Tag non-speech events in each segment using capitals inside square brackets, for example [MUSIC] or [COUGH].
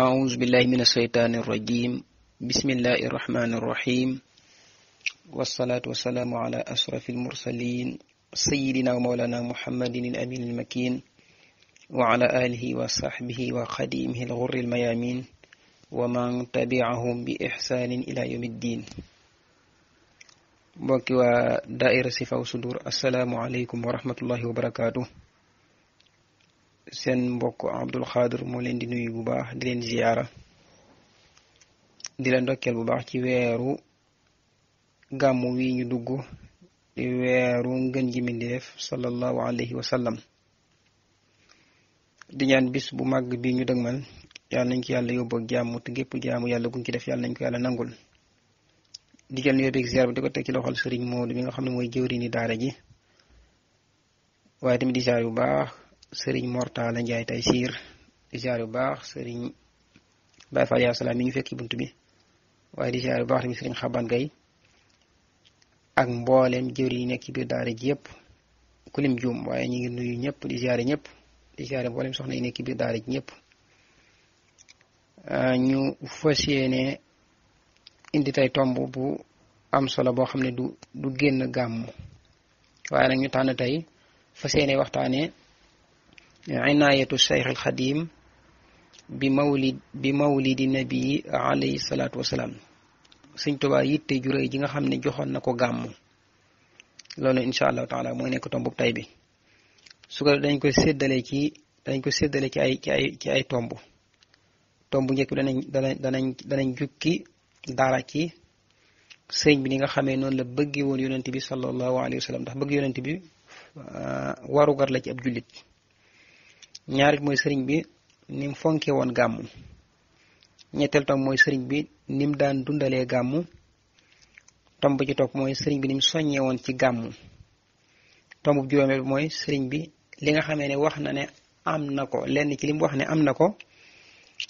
أعوذ بالله من الشيطان الرجيم بسم الله الرحمن الرحيم والصلاة والسلام على أشرف المرسلين سيدنا ومولانا محمد الأمين المكين وعلى آله وصحبه وقديمه الغر الميامين ومن تبعهم بإحسان إلى يوم الدين بوكي ودائرة سفاو وصدور السلام عليكم ورحمة الله وبركاته sen mbokk Abdul Khadir mo len di nuyu bu baax di len ziyara di len dokkel bu baax ci wéru gamu wi ñu dugg di ji def sallallahu alayhi wa sallam di ñaan bis bu mag bi ñu dëgmal yàlla nañ ci yalla ya jamu te gep jamu yalla guñ ci def yalla nañ ko yalla nangul di gel ñu beeg ziar bi diko tek ci loxol serigne modou bi nga xamne moy ni daara ji waye tamit di yu baax sëriñ Mortala Njaay tey siir di ziar bu baax sëriñ Baye Fall yaa salaam mi ngi fekk bunt bi waaye di ziar bu baax tamit sëriñ Xaban Gay ak mbooleem jëwri yi nekk ci biir daara ji yëpp kulim juum waaye ñu ngi nuyu ñëpp di ziare ñépp di ziare mboolem soxna yi nekk ci biir daara ji ñëpp ah, ñu fas yéene indi tey tomb bu am solo boo xam ne du du génn gàmm waaye nag ñu tànn tey fas yéene waxtaanee inaayatu cheikh alxadim bi mawlid bi mawlidi nabii alayhi salaatu wasalaam sëñ tubaa yitte ju ji nga xam ne joxoon na ko gàmmu loolu incha allahu taala mooy nekk tombu tay bi su ko dañ koy séddale ci dañ ko séddale ci ay ci ci ay tomb tomb njëkk bi danañ danañ danañ danañ jukki dara ci sëñ bi ni nga xamee noonu la bëgge woon yonent bi sallallahu alayhi wa sallam ndax bëgg yonent bi ah, warugar la ci ab jullit ñaarit mooy sëriñ bi ni mu fonkee woon gàmmu ñetteel tam mooy sëriñ bi ni mu daan dundalee gàmmu tomb ci topp mooy sëriñ bi ni mu woon ci gàmmu tomb juróomeel bi mooy sëriñ bi li nga xamee ne wax na ne am na ko lenn ci li wax ne am na ko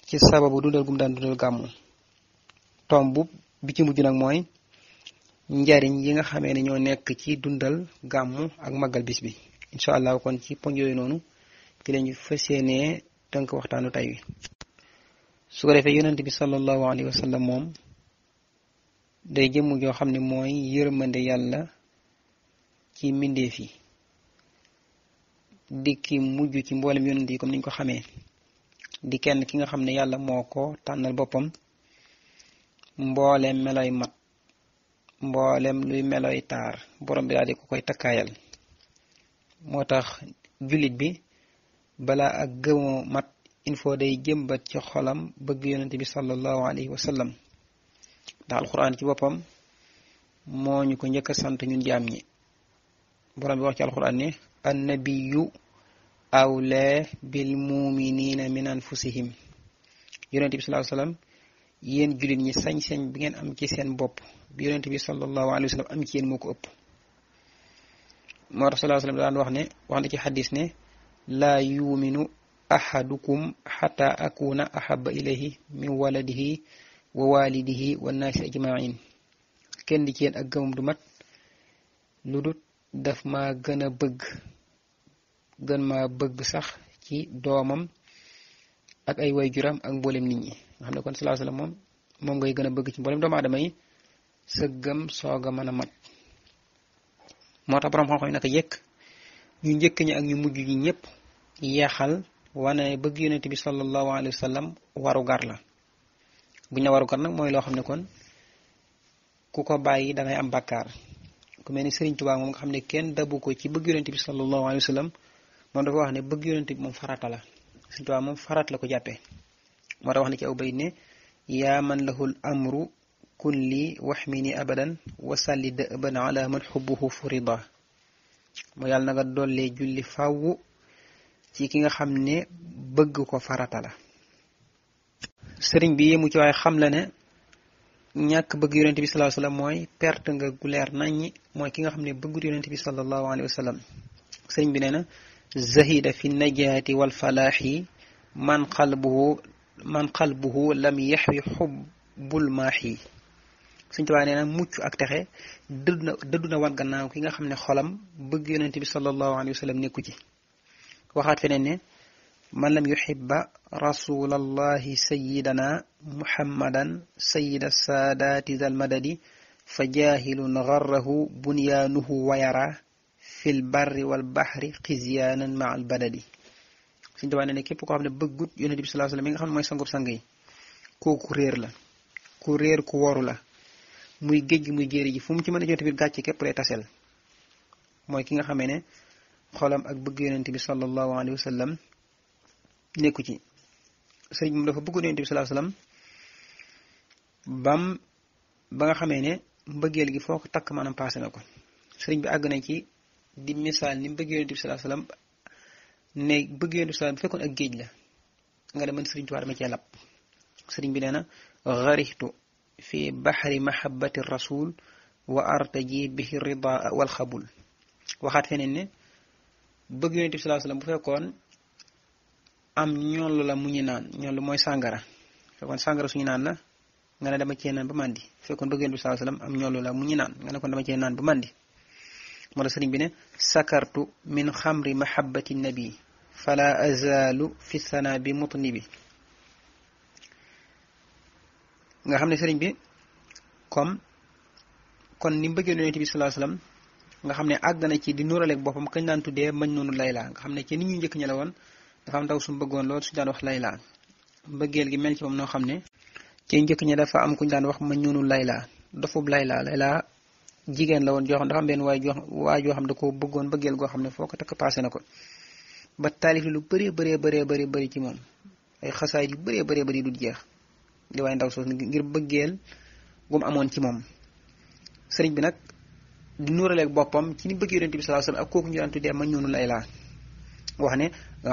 ci sababu dundal gum daan dundal gàmmu tomb bi ci mujj nag mooy njariñ yi nga xame ne ñoo nekk ci dundal gàmmu ak màggal bis bi incha allah kon ci poñ yooyu noonu ci lañu fas yéenee tënk waxtaanu tay wi su ko defee yonent bi sallallahu alayhi wa sallam moom day jëmm joo xam ne mooy yërmande yàlla ci mbindeef yi di ki mujj ci mboolem yonent yi comme niñ ko xamee di kenn ki nga xam ne yàlla moo ko tànnal boppam mboolem meloy mat mboolem luy meloy taar boroom bi daal di ko koy takkaayal moo tax jullit bi balaa ak gëmoo mat il faut day jëmbat ci xolam bëgg yonente bi sallallahu alayhi wa sallam ndax alquran ci boppam moo ñu ko njëkk sant ñun jaam ñi borom bi wax ci alquran ne annabiyu awla bil muminina min anfusihim yonente bi sallallahu alayhi wa yéen jullit ñi sañ-sañ bi ngeen am ci seen bopp bi yonente bi sallallahu alayhi wa sallam am ci yéen moo ko ëpp moo tax sallallahu alayhi daan wax ne wax na ci xadis ne la yuuminu ahadukum xata akuna ahaba ilayhi min waladihi wa walidihi wa naasi ajmain kenn ci yéen ak gëmam du mat lu dut daf ma gën a bëgg gën ma bëgg sax ci doomam ak ay way juram ak mboolem nit ñi nga xam kon salaa salaam moom moom ngay a bëgg ci mboolem doomu aadama yi soog a mën a mat moo tax borom xam-xam yi naka yëkk ñu njëkk ñi ak ñu mujj ñi ñëpp yeexal wane bëgg yonente bi sallallahu alayhi wasallam sallam gar la bu ñu warugar nag mooy loo xam ne kon ku ko bàyyi ngay am bakkaar ku mel ni Sëriñ Tuubaa moom nga xam ne kenn dabu ko ci bëgg yonente bi sallallahu alayhi wasallam sallam moom dafa wax ne bëgg yonente bi moom farata la Sëriñ Tuubaa moom farat la ko jàppee moo tax wax ne ci aw ne ya man lahul amru kun li waxmini abadan wasalli dëban ala man xubbuhu furida mu yàlla na nga dollee julli fàww ci ki nga xam ne bëgg ko farata la sëriñ bi yéemu ci waaye xam la ne ñàkk bëgg yonent bi sallallahu alayhi wasallam mooy perte nga gu leer naññi mooy ki nga xam ne bëggut bi sallallahu alayhi wasallam sëriñ bi nee na zahida fi najaati wal falaaxi man qalbuhu man qalbuhu lam yaxwi xubbul yi suñ tubaa nee na mucc ak texe dëdd na dëdd na wan gannaaw ki nga xam ne xolam bëgg yonente bi sallallahu alayhi wa sallam nekku ci waxaat feneen ne man lam yuhibba rasulallahi sayidana muhammadan sayida saadaati zalmadadi fa jaahilun garrahu bunyaanuhu wayara fi l barri wal baxri xizyaanan ma al badadi suñ tubaa nee na képp koo xam ne bëggut yonente bi sallallahu alayhi wa sallam mi nga xam ne mooy sangub sang yi kooku réer la ku réer ku woru la muy géej gi muy jéeri ji fu mu ci mën a jot tamit gàcce képp lay tasel mooy ki nga xamee ne xolam ak bëgg yonent bi sallallahu alayhi wa sallam nekku ci sëriñ moom dafa bëggoon yonent bi sallallahu alayhi wa ba nga xamee ne mbëggeel gi foo takk maanaam paase na ko sëriñ bi àgg na ci di misaal ni bëgg yonent bi sallallahu alayhi wa sallam ne bëgg yonent bi sallallahu ak géej la nga demoon sëriñ Tuubaa dama cee lab sëriñ bi nee na xarixtu fi baxri mahabbati rasul wa artaji bihi rida wal xabul waxaat feneen bëgg yonent bi sallallahu alayhi wasallam bu fekkoon am ñoll la mu ñu naan ñoll mooy sàngara fekkoon sàngara suñu naan la nga ne dama cee naan ba màndi ñu naan nga ne kon dama cee naan ba màndi moo la sëriñ bi ne sakartu min xamri mahabbati nabi fala azaalu fi sana bi mutni bi nga xam ne sëriñ bi comme kon ni mu bëggee yonent bi sallallahu alayhi nga xam ne àgg na ci di nuuraleeg boppam kañ daan tuddee mañ noonu layla nga xam ne ci nit ñu njëkk ña la woon dafa am ndaw su bëggoon lool su daan wax layla mbëggeel gi mel ci moom noo xam ne ci njëkk ña dafa am kuñ daan wax mañ noonu layla dofub layla layla jigéen la woon joo xam am benn waay joo waay joo xam da ko bëggoon bëggeel goo xam ne foo ko takk passé na ko ba taalif lu bëree bëree bëree bëri bëri ci moom ay xasaay yu bëree bëree bëri du jeex di waaye ndaw soos ngir bëggeel gum amoon ci moom sëriñ bi nag di nuuraleeg boppam ci ni bëgg yonente bi sallallahu alayhi wasallam ak kooku ñu daan tuddee ma ñoonu lay laa wax ne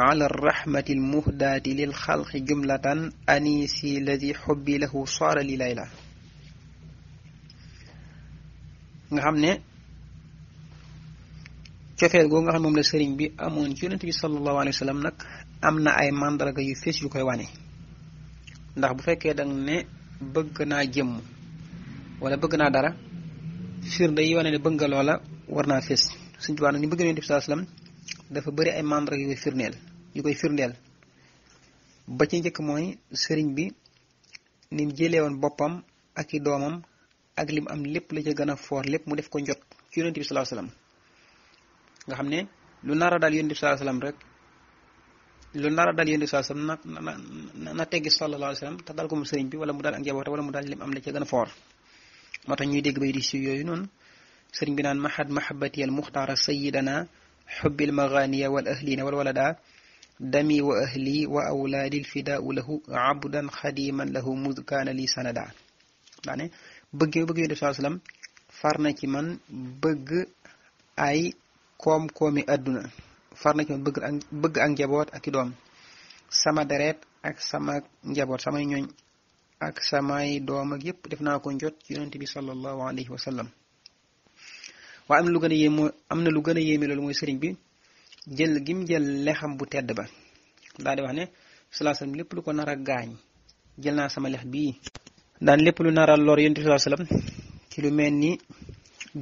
ala rahmati l muhdaati lil xalqi jumlatan anisi ladi nga xam ne cofeel googu nga xam moom la sëriñ bi amoon ci yonente bi sallallahu alayhi wasallam nag am na ay mandarga yu fees yu koy wane ndax bu fekkee dang ne bëgg naa jëmm wala bëgg naa dara firnde yi wane ne bëgg nga loola war naa fés suñ tubaab nag ñu bëgg Yonent bi sallallahu alayhi wasallam dafa bëri ay membre yu koy firndeel koy firndeel ba ci njëkk mooy sëriñ bi ni mu jëlee woon boppam ak i doomam ak li mu am lépp la ca gën a foor lépp mu def ko njot ci Yonent bi nga xam ne lu nara daal Yonent bi sallallahu alayhi wasallam rek lu naa a dal yéen saa sam na na na teggi sallallahu alayhi te dal ko mu sëriñ bi wala mu dal ak njabootam mu dal lim am la gën a foor moo tax ñuy dégg bay di si yooyu noonu sëriñ bi naan mahad mahabati al muxtaara sayidana xubbil maganiya wal ahlina wal walada dami wa ahli wa awlaadi lfidaau lahu abdan xadiman lahu mud kaana li sanada daane bëgg bëgg yéen saa sallam far na ci man bëgg ay koom-koomi àdduna far na ci man bëgg ak bëgg ak njaboot ak i doom sama deret ak sama njaboot samay ñooñ ak samay doom ak yépp def naa ko njot ci yonent bi sallallahu alayhi wa sallam waaye am na lu gën a yéem am na lu gën a yéeme loolu mooy sëriñ bi jël gim jël lexam bu tedd ba daal di wax ne salaasalaam lépp lu ko nar a gaañ jël naa sama lex bii daan lépp lu nar a lor yonent bi salaasalaam ci lu mel ni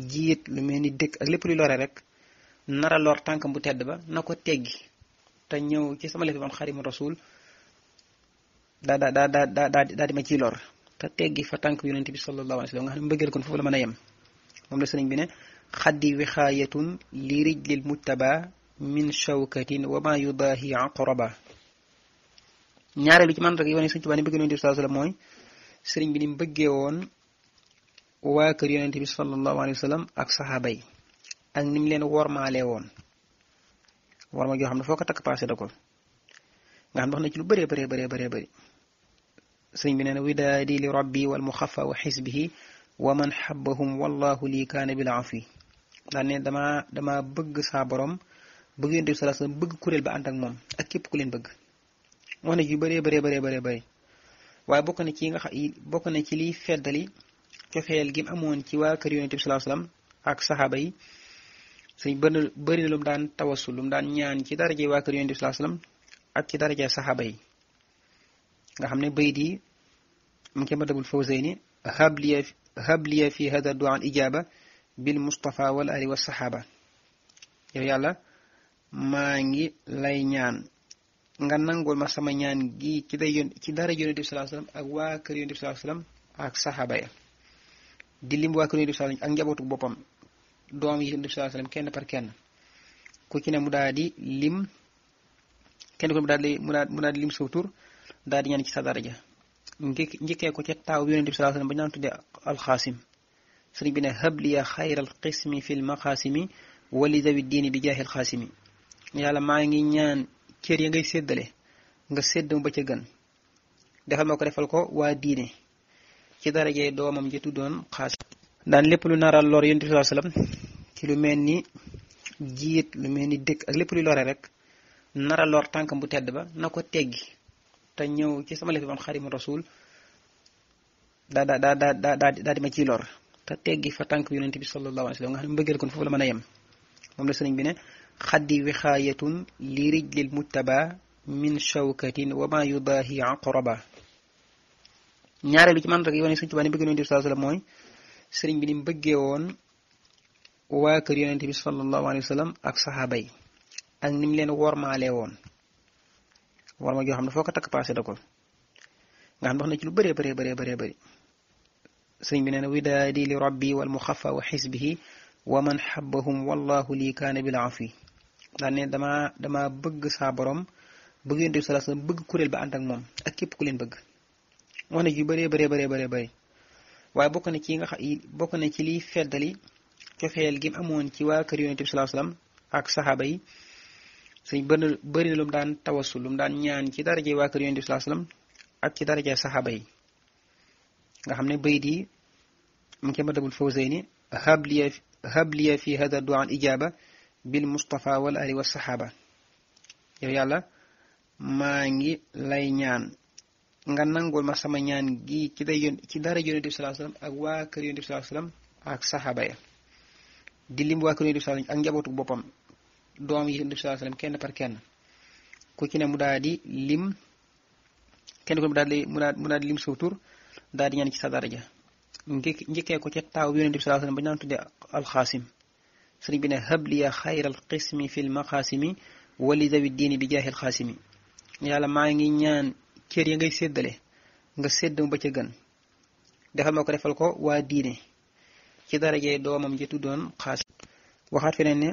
jiit lu mel ni dëkk ak lépp lu lore rek nara lor tànkam bu tedd ba na ko teggi te ñëw ci sama lefi man xarimu rasul daa daa daa daa daa daa di ma ciy lor te teggi fa tànk bi yonente bi sallallahu la mën a moom la bi ne xaddi wixaayatun li rijlil mujtaba min shawkatin wa ma yudaahi aqraba ñaareelu ci sëriñ bi sallallahu bëggee woon waa kër yonente bi sallallahu alayhi wa ak saxaaba yi ak nim mu leen wormaalee woon worma joo xam ne foo ko takk passé da nga xam ne wax na ci lu bëree bëree bëree bëree bëri sëñ bi nee na widaadi li rabbi wal muxafa wa xisbihi wa man xabbahum wallahu lii kaana bil afwi daan ne damaa bëgg saa boroom bëgg yonent bi sallallahu alayhi wasallam bëgg kuréel ba ànd ak moom ak képp ku leen bëgg wax na ci yu bëree bëree bëree waaye bokk na ci nga xam bokk na ci liy feddali cofeel gi mu amoon ci waa kër yonent bi sallallahu ak saxaaba yi suñ bën bëri na lu mu daan tawasul lu mu daan ñaan ci daraje waa kër yonent bi sallallahu ak ci daraje saxaaba yi nga xam ne bayit di mu ngi ma dabul fawzayni habliya habliya fi hada du'a ijaba bil mustafa wal ali was saxaaba yow yàlla maa ngi lay ñaan nga nangul ma sama ñaan gi ci day yon ci dara yonent bi sallallahu alayhi ak waa kër yonent bi ak saxaaba ya di lim waa kër yonent bi ak njabootu boppam doom yi nabi sallallahu alayhi wasallam kenn par kenn ku ci ne mu lim kenn ko mu daldi mu daldi lim saw tur daldi ñaan ci sa daraja njëkkee ya ko ci taw yu yonente sallallahu alayhi wasallam ba ñu naan khair Al sëriñ bi ne qism fi al fil wa wali zawi din bi jaahil khasim yalla ma ngi ñaan cër ya ngay seddelé nga séddam ba ci gën defal mako ko defal ko wa diine ci daraje domam ji tudon khasim daan lépp lu naral lor yonent bi sallallahu alayhi wasallam ci lu mel ni jiit lu mel ni dëkk ak lépp luy lore rek nara lor tànkam bu tedd ba na ko teggi te ñëw ci sama lépp man xarimu rasul daa daa daa daa daa di ma ciy lor te teggi fa tànk yonent bi sallallahu alayhi wasallam nga xam ne mbëggeel kon foofu la mën a yem moom la sëriñ bi ne xaddi wixaayatun li rijlil muttaba min shawkatin wa ma yudaahi aqraba ñaareel bi ci man rek yoone suñ tubaab ni bëgg yonent bi sëriñ bi ni bëggee woon waa kër yonent bi sallallahu wa sallam ak saxaaba yi ak ni leen wormaale woon worma joo xam ne foo ko takk paase da ko nga xam ne wax na ci lu bëree bëree bëree bëree bëri sëriñ bi nee na widaadi li rabbi wal muxafa wa xisbihi wa man xabbahum wallahu lii kaana bil afi daa dama dama bëgg saa borom bëgg yonent bi sallallahu alayhi bëgg kuréel ba ànd ak moom képp ku leen bëgg yu bëree bëree bëree bëree bëri waaye bokk na ci nga xam bokk na ci liy feddali cofeel gi mu amoon ci waa kër yonent ak saxaaba yi sëñ ba na lu mu daan tawasul lu mu daan ñaan ci daraje waa kër yonent ak ci daraje saxaaba yi nga xam ne bayit yi mu ngi Matlabul Fawzayni habliya habliya fi hada du'a al bil mustafa wal ali saxaaba yow yàlla maa ngi lay ñaan nga nangul ma sama ñaan gi ci day yoon ci dara yonente bi sallallahu alayhi wasallam ak wa kër yonente bi sallallahu alayhi wasallam ak sahaba ya di lim wa kër yonente bi sallallahu alayhi wasallam ak njabotu bopam doom yi yonente bi sallallahu alayhi wasallam kenn par kenn ku ci ne mu daadi lim kenn ko mu daal mu daal lim saw daadi ñaan ci sa dara daraja njëkkee ko ci taw yonente bi sallallahu alayhi wasallam ba ñaan tudde al khasim sëriñ bi ne habli ya khayral qismi fil maqasimi wa li dawi dini bi jahil khasimi yalla ya ma ngi ñaan cër yi ngay séddale nga séddoo ba ca gën defal ma ko defal ko waa diine ci darajee doomam ji tuddoon xaas waxaat feneen ne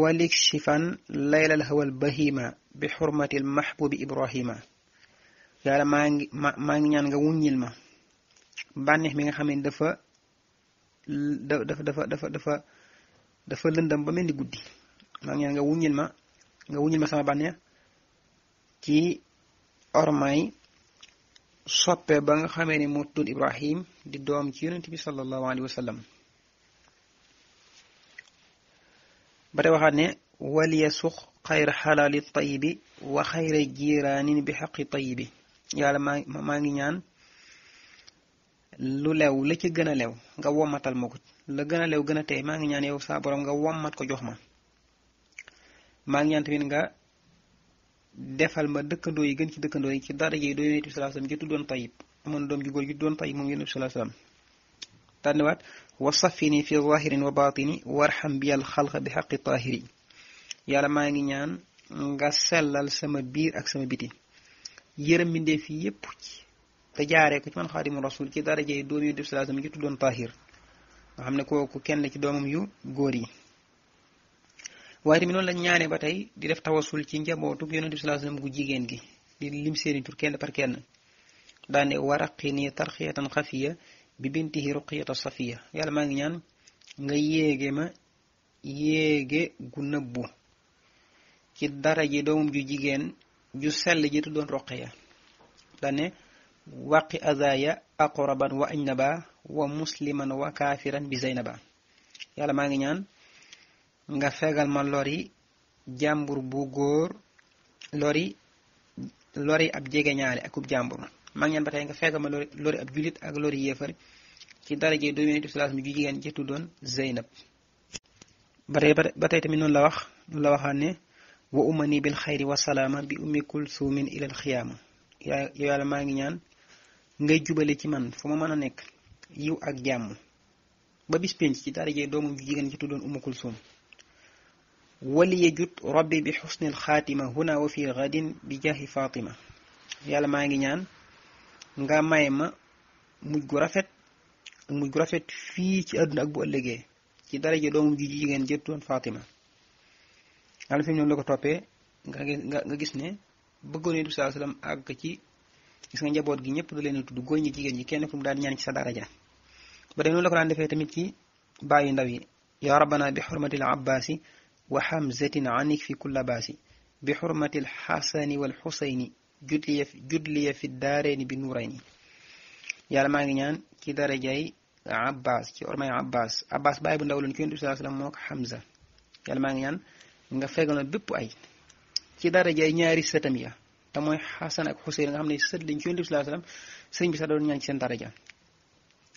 walik shifan laylal hawal bahima bi xurmatil mahbubi ibrahima yàlla maa ngi maa ngi ñaan nga wuññil ma bànneex mi nga xam ne dafa dafa dafa dafa dafa dafa lëndam ba mel ni guddi maa ngi ñaan nga wuññil ma nga wuññil ma sama bànneex ci ormay soppe ba nga xamee ne moo tuddoon ibrahim di doom ci yonent bi sallallahu alayhi wa sallam ba tey waxaat ne walyasux xayra xalaali tayibi wa xayra jiraanin bi xaqi tayibi yàlla maa maa ngi ñaan lu lew la ci gën a lew nga wommatal ma ko la gën a lew gën a tey maa ngi ñaan yow saa borom nga wommat ko jox ma maa ngi ñaan tamit nga defal ma dëkkandoo yi gën ci dëkkandoo yi ci dara jey doo yonent bi salaa salaam tayib amoon doom ju góor ju tuddoon tayib moom yonent bi salaa salaam tànniwaat wa safini fi zahirin wa batini warxam biyal xalqa bi xaqi taahiri yàlla maa ngi ñaan nga sellal sama biir ak sama biti yërëm mbindee fii yépp te jaare ko ci man xaadimu rasul ci dara jey doom yonent bi salaa salaam ji tuddoon nga xam ne kooku kenn ci doomam yu góor yi waaye tamit noonu lañ ñaanee ba tey di def tawasul ci njabootu yonent bi sallallahu alayhi wasallam gu jigéen gi di lim seeni tur kenn par kenn daane waraqi nii tarxiyatan xafiya bi bintihi ruqiyata safiya yàlla maa ngi ñaan nga yéege ma yéege gu nëbbu ci dara ji doomum ju jigéen ju sell ji tuddoon ruqiya daane waqi azaya aqraban wa ajnaba wa musliman wa kaafiran bi zaynaba yàlla maa ngi ñaan nga fegal ma lori jàmbur bu góor lori lori ab jegeñaale akub jàmbur maa ngi ñaan ba tey nga fegal ma lori lori ab julit ak lori yéefar ci daraje doomu mi ju jigéen ci tuddoon Zeynab ba tey ba tey la wax noonu la waxaat ne wa umani bil xayri wa salaama bi maa ngi ñaan ngay jubale ci man fu mën a nekk yiw ak jàmm ba bis penc ci daraje doomam ju jigéen ci tuddoon Ummu Kulsuum waliyajut rabbi bi xusnil xaatima huna wa fi gadin bi jaahi fatima yàlla maa ngi ñaan nga may ma mujj gu rafet ak mujj gu rafet fii ci àdduna ak bu ëllëgee ci daraja doomu ji jigéen jëttoon fatima yàlla fi mu noonu la ko toppee nga nga gis ne bëggoon bi saa sallam àgg ci gis nga njaboot gi ñëpp da leen tudd góor ñi jigéen ñi kenn fu mu daan ñaan ci sa daraja ba de noonu la ko daan defee tamit ci bàyyi ndaw yi yaa rabbana bi xurmatil abbaasi wa hamzatin anik fi kulla baasi bi xurmati alxasani walxusayni judliya judliya fi daareeni bi nuurayni yàlla maa ngi ñaan ci darajay abbas ci ormay abbas abbas bàyyi bu ndaw loon ci yonent bi sallallahu alayhi wasallam moo maa ngi ñaan nga fegal ma bépp ay ci darajay ñaari sëtam ya te mooy xasan ak xam ne sët lañ ci yonent bi sallallahu alayhi bi sax doon ñaan ci seen daraja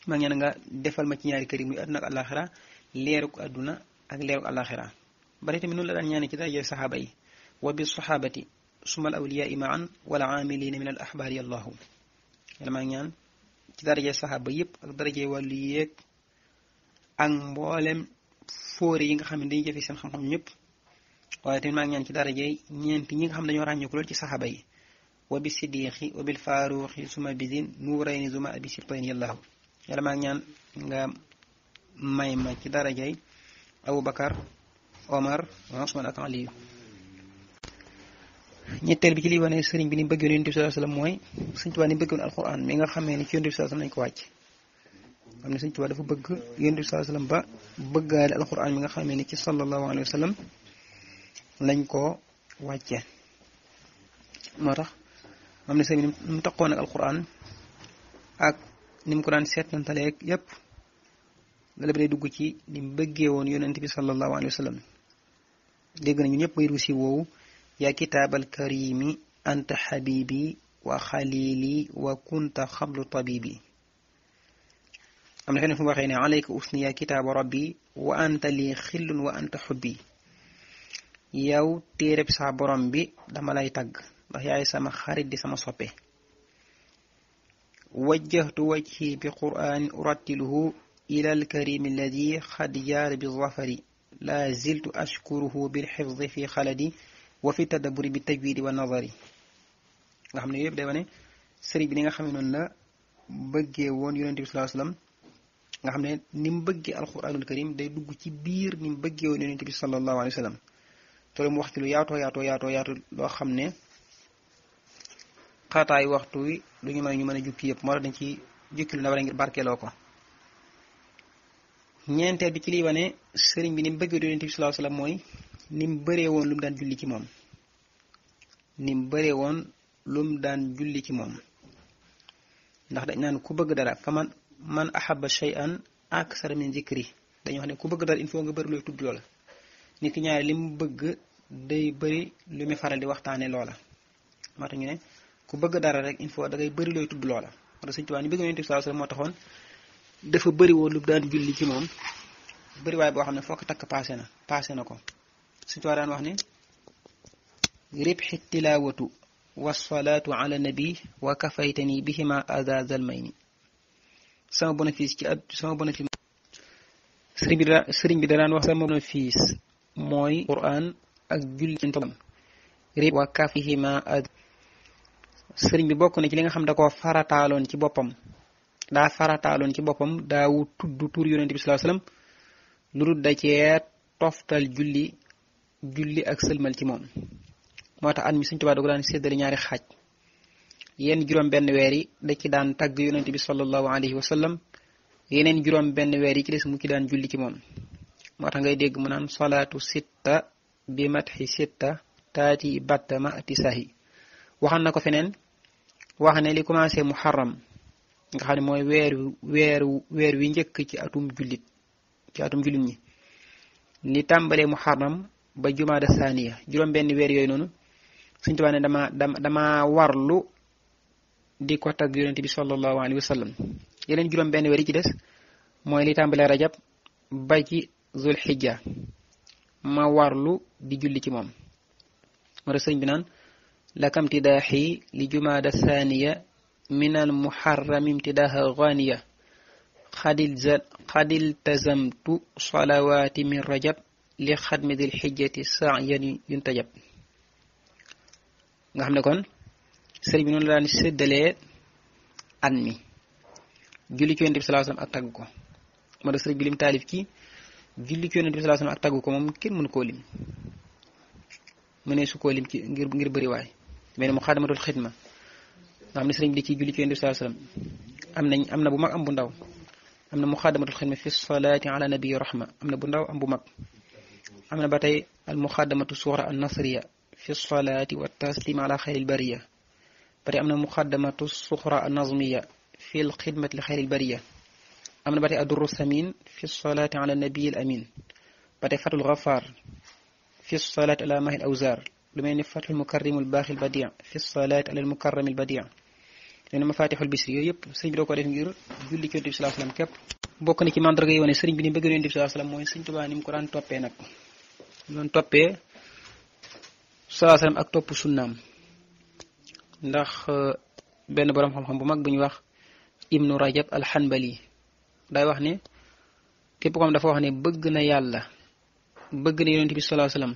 maa ngi ñaan nga defal ma ci ñaari kër yi muy àdduna ak àllaaxira leeruk àdduna ak leeruk àllaaxira bari tamit noonu la daan ñaane ci daraja saxaaba yi wa bi saxaabati suma al awliyaa maan wala aamiliina min al axbaari allahu yàlla maa ngi ñaan ci daraja saxaaba yëpp ak daraja wàllu yéeg ak mboolem fóore yi nga xam ne dañuy jëfe seen xam-xam ñëpp waaye tamit maa ngi ñaan ci daraja ñeenti ñi nga xam dañoo ràññeeku lool ci saxaaba yi wa bi siddiqi wa bil faaruqi suma bidin nuurayni zuma abi sibtayni yàllaahu yàlla maa ngi ñaan nga may ma ci darajay abou bakar Omar Osman ak Ali ñettel bi ci li wone sëriñ bi ni bëgg yoonu nabi sallallahu alayhi wasallam moy Sëriñ tuba ni bëggoon alquran mi nga xamé ni ci yoonu bi sallallahu alayhi wasallam lañ ko wacc amna Sëriñ tuba dafa bëgg yoonu bi sallallahu alayhi wasallam ba bëggaale alquran mi nga xamé ni ci sallallahu alayhi wasallam lañ ko wàcce moo tax xam sëriñ ni mu taqoon ak alquran ak ni mu quran ko daan seetantaleeg yépp lala bi day dugg ci ni bëggé won yoonu nabi sallallahu alayhi wasallam دغ نيو نيب ميروسي وو يا كتاب الكريم انت حبيبي وخليلي وكنت خبل طبيبي ام نحن فما عليك اثني يا كتاب ربي وانت لي خل وانت حبي ياو تيرب سا بروم بي دمالاي تاغ دا ياي سما خاريت دي سما سوبي وجهت وجهي بقران ارتله الى الكريم الذي خد يار بالظفر la ziltu ashkuruhu bil xifdi fi xale xaladi wa fi tadaburi bi tajwidi wa nazari nga xam ne yooyu yëpp day ne sëriñ bi ni nga xam ne noonu la bëggee woon yonente bi sallallahu alayhi nga xam ne ni mu bëggee alquranul karim day dugg ci biir ni mu bëggee woon yonente bi sallallahu alayhi wasallam te lu mu wax ci lu yaatoo yaato yaato yaatu loo xam ne xaataayu waxtu wi lu ñu may ñu mën a jukki yëpp moo tax dañ ci jukki lu na war a ngir barkeeloo ko ñeenteel bi ci liy wane sëriñ bi ni mu bëggee yonent bi sallallahu alayhi wasallam mooy ni mu bëree woon lu mu daan julli ci moom ni mu woon lu daan julli ci moom ndax dañ naan ku bëgg dara fa man man ahabba shay'an aksara min zikri dañuy wax ne ku bëgg dara il faut nga bëri looy tudd loola nit ki li mu bëgg day bëri lu muy faral di waxtaane loola moo tax ñu ne ku bëgg dara rek il faut da ngay bëri looy tudd loola moo tax Sëriñ Tuubaa ni moo taxoon dafa bëri woon lu daan julli ci moom bëri waay boo xam ne foo ko takk paase na paase na ko suñu daan wax ne ribxi tilaawatu wasalaatu ala nabi wa ni sama bénéfice ci ab sama bénéfice sëriñ bi da daan wax sama bénéfice mooy quran ak julli ci ntoam rib wa kafihima sëriñ bi bokk na ci li nga xam da koo farataaloon ci boppam daa farataaloon ci boppam daawu tudd tur yonente bi sallallahu alayhi wasallam lu dul da cee ak sëlmal ci moom moo tax at mi Sëriñ Tuubaa ñaari xaaj yenn weer yi da ci daan tagg yonente bi sallallahu alayhi wasallam yeneen juróom-benn weer yi ci des mu daan julli ci moom moo tax ngay dégg mu naan salaatu sitta bi matxi sitta taati batta ma ati sahi waxan na ko feneen wax ne li commencé muharram nga xam ne mooy weer weer weer wi njëkk ci atum jullit ci atum jullit ñi li tàmbalee muharram ba jumaada saaniya juróom benn weer yooyu noonu suñ tubaab ne dama dama warlu di ko tagg yonent bi sallallahu alayhi wa sallam yeneen juróom benn weer yi ci des mooy li tàmbalee rajab ba ci zulxijja ma warlu di julli ci moom mara sëñ li jumaada saaniya من المحرم امتداها غانية قد التزمت صلوات من رجب لختم ذي الحجة سعيا ينتجب nga xam ne kon sëriñ bi noonu la daan séddalee at mi julli ci yonent bi salaa sallam ak tagg ko ma da sëriñ bi lim taalif ci julli ci yonent bi salaa sallam ak tagg ko moom kenn mënu koo lim mu ne su koo lim ci ngir ngir bëri waay mel ne mu xaadamatul xidma nga xam ne sëriñ bi ciy julli ci yonent bi sallallahu alayhi wasallam am nañ am na bu mag am bu ndaw am na muxaddamatul xidma fi salaati ala nabii rahma am na bu ndaw am bu mag am na ba tey al muxaddamatu suxra an nasriya fi salaati wa taslim ala xayril bariya ba tey am na muxaddamatu suxra an nazmiya fi l xidmati li xayril bariya am na ba tey adurru samin fi salaati ala nabii al amin ba tey fatul gafaar fi salaati ala mahil awzaar lu mel ni fatul mukarrimul baaxil badia fi salaati ala al mukarramil badia nee na mafatixul bisri yooyu yëpp sëñ bi doo ko def ngir julli ci yonent bi sallallahu képp bokk na ci mandarga yi wane sëriñ bi ni bëgg yonent bi sallallahu mooy sëñ Tuubaa ni mu ko daan toppee nag doon toppee sallallahu ak topp sunnaam ndax euh, benn borom xam-xam bu mag bu ñu wax ibnu rajab alxanbali day wax ni képp ko am dafa wax ne bëgg na yàlla bëgg na yonent bi sallallahu alayhi wasallam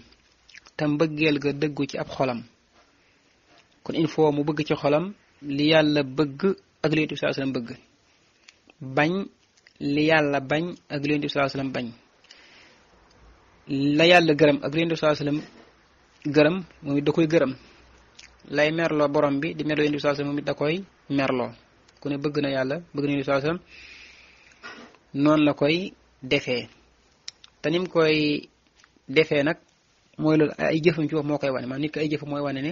tam bëggeel ga dëggu ci ab xolam kon il mu bëgg ci xolam li yàlla bëgg ak li yonent bi sallallahu bëgg bañ li yàlla bañ ak li yonent bi sallallahu bañ la yàlla gërëm ak li yonent bi sallallahu gërëm moom it da koy gërëm lay merloo borom bi di merloo yonent bi da koy merloo ku ne bëgg na yàlla bëgg na yonent bi sallallahu alayhi noonu la koy defee te nim koy defee nag mooy loolu ay jëfam ci wax moo koy wane man nit ko ay jëfam mooy wane ne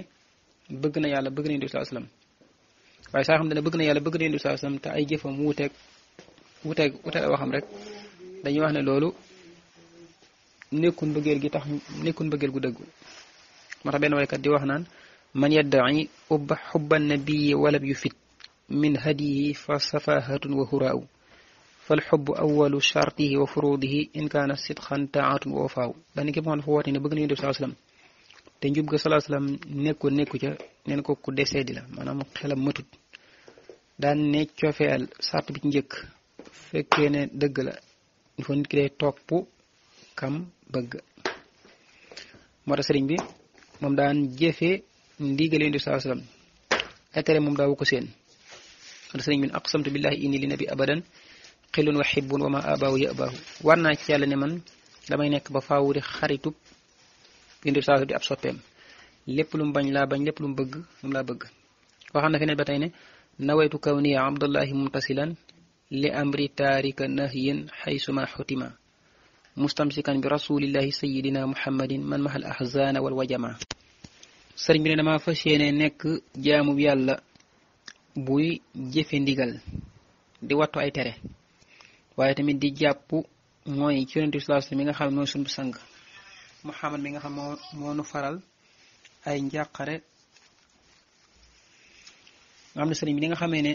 bëgg na yàlla bëgg na yonent bi sallallahu waaye saa xam ne bëgg na yàlla bëgg na yonent bi saa sallam te ay jëfam wuuteeg wuuteeg wuuteeg waxam rek dañuy wax ne loolu nekkul mbëggeel gi tax nekkul mbëggeel gu dëggu moo tax benn waykat di wax naan man yaddaci ubba walam yu min hadiyihi fa safahatun wa huraaw falxubbu awalu chartihi wa furuudihi in kaana sidqan taatun wa wafaaw daani képp xam dafa woote ne bëgg na yonent bi saa sallam te njub ga salaa salaam nekku nekku ca neen ko ku desee di la maanaam xelam matut daan ne cofeel sart bi ci njëkk fekkee ne dëgg la il faut nit ki day topp kam bëgg moo tax sëriñ bi moom daan jëfe ndigal yonent bi salaa salaam ay tere moom daawu ko seen wala sëriñ bi ne aqsamtu billahi inni li nabi abadan xilun wa xibbun wa ma war naa ci yàlla ne man damay nekk ba faaw di yonent bi saa di lépp lu mu bañ laa bañ lépp lu mu bëgg moom laa bëgg waxam na feneen ba tey ne nawaytu kawniya abdullahi muntasilan li amri taarika nahyin xaysuma xutima mustamsikan bi rasulillahi sayidina muhammadin man mahal ahzana wal sëriñ bi ne dama fas yéene nekk jaamub yàlla buy jëfe ndigal di wattu ay tere waaye tamit di jàpp mooy mi nga xam ne mooy sang Muhammad mi nga xam moo moo nu faral ay njàqare nga xam ne sëriñ bi ni nga xamee ne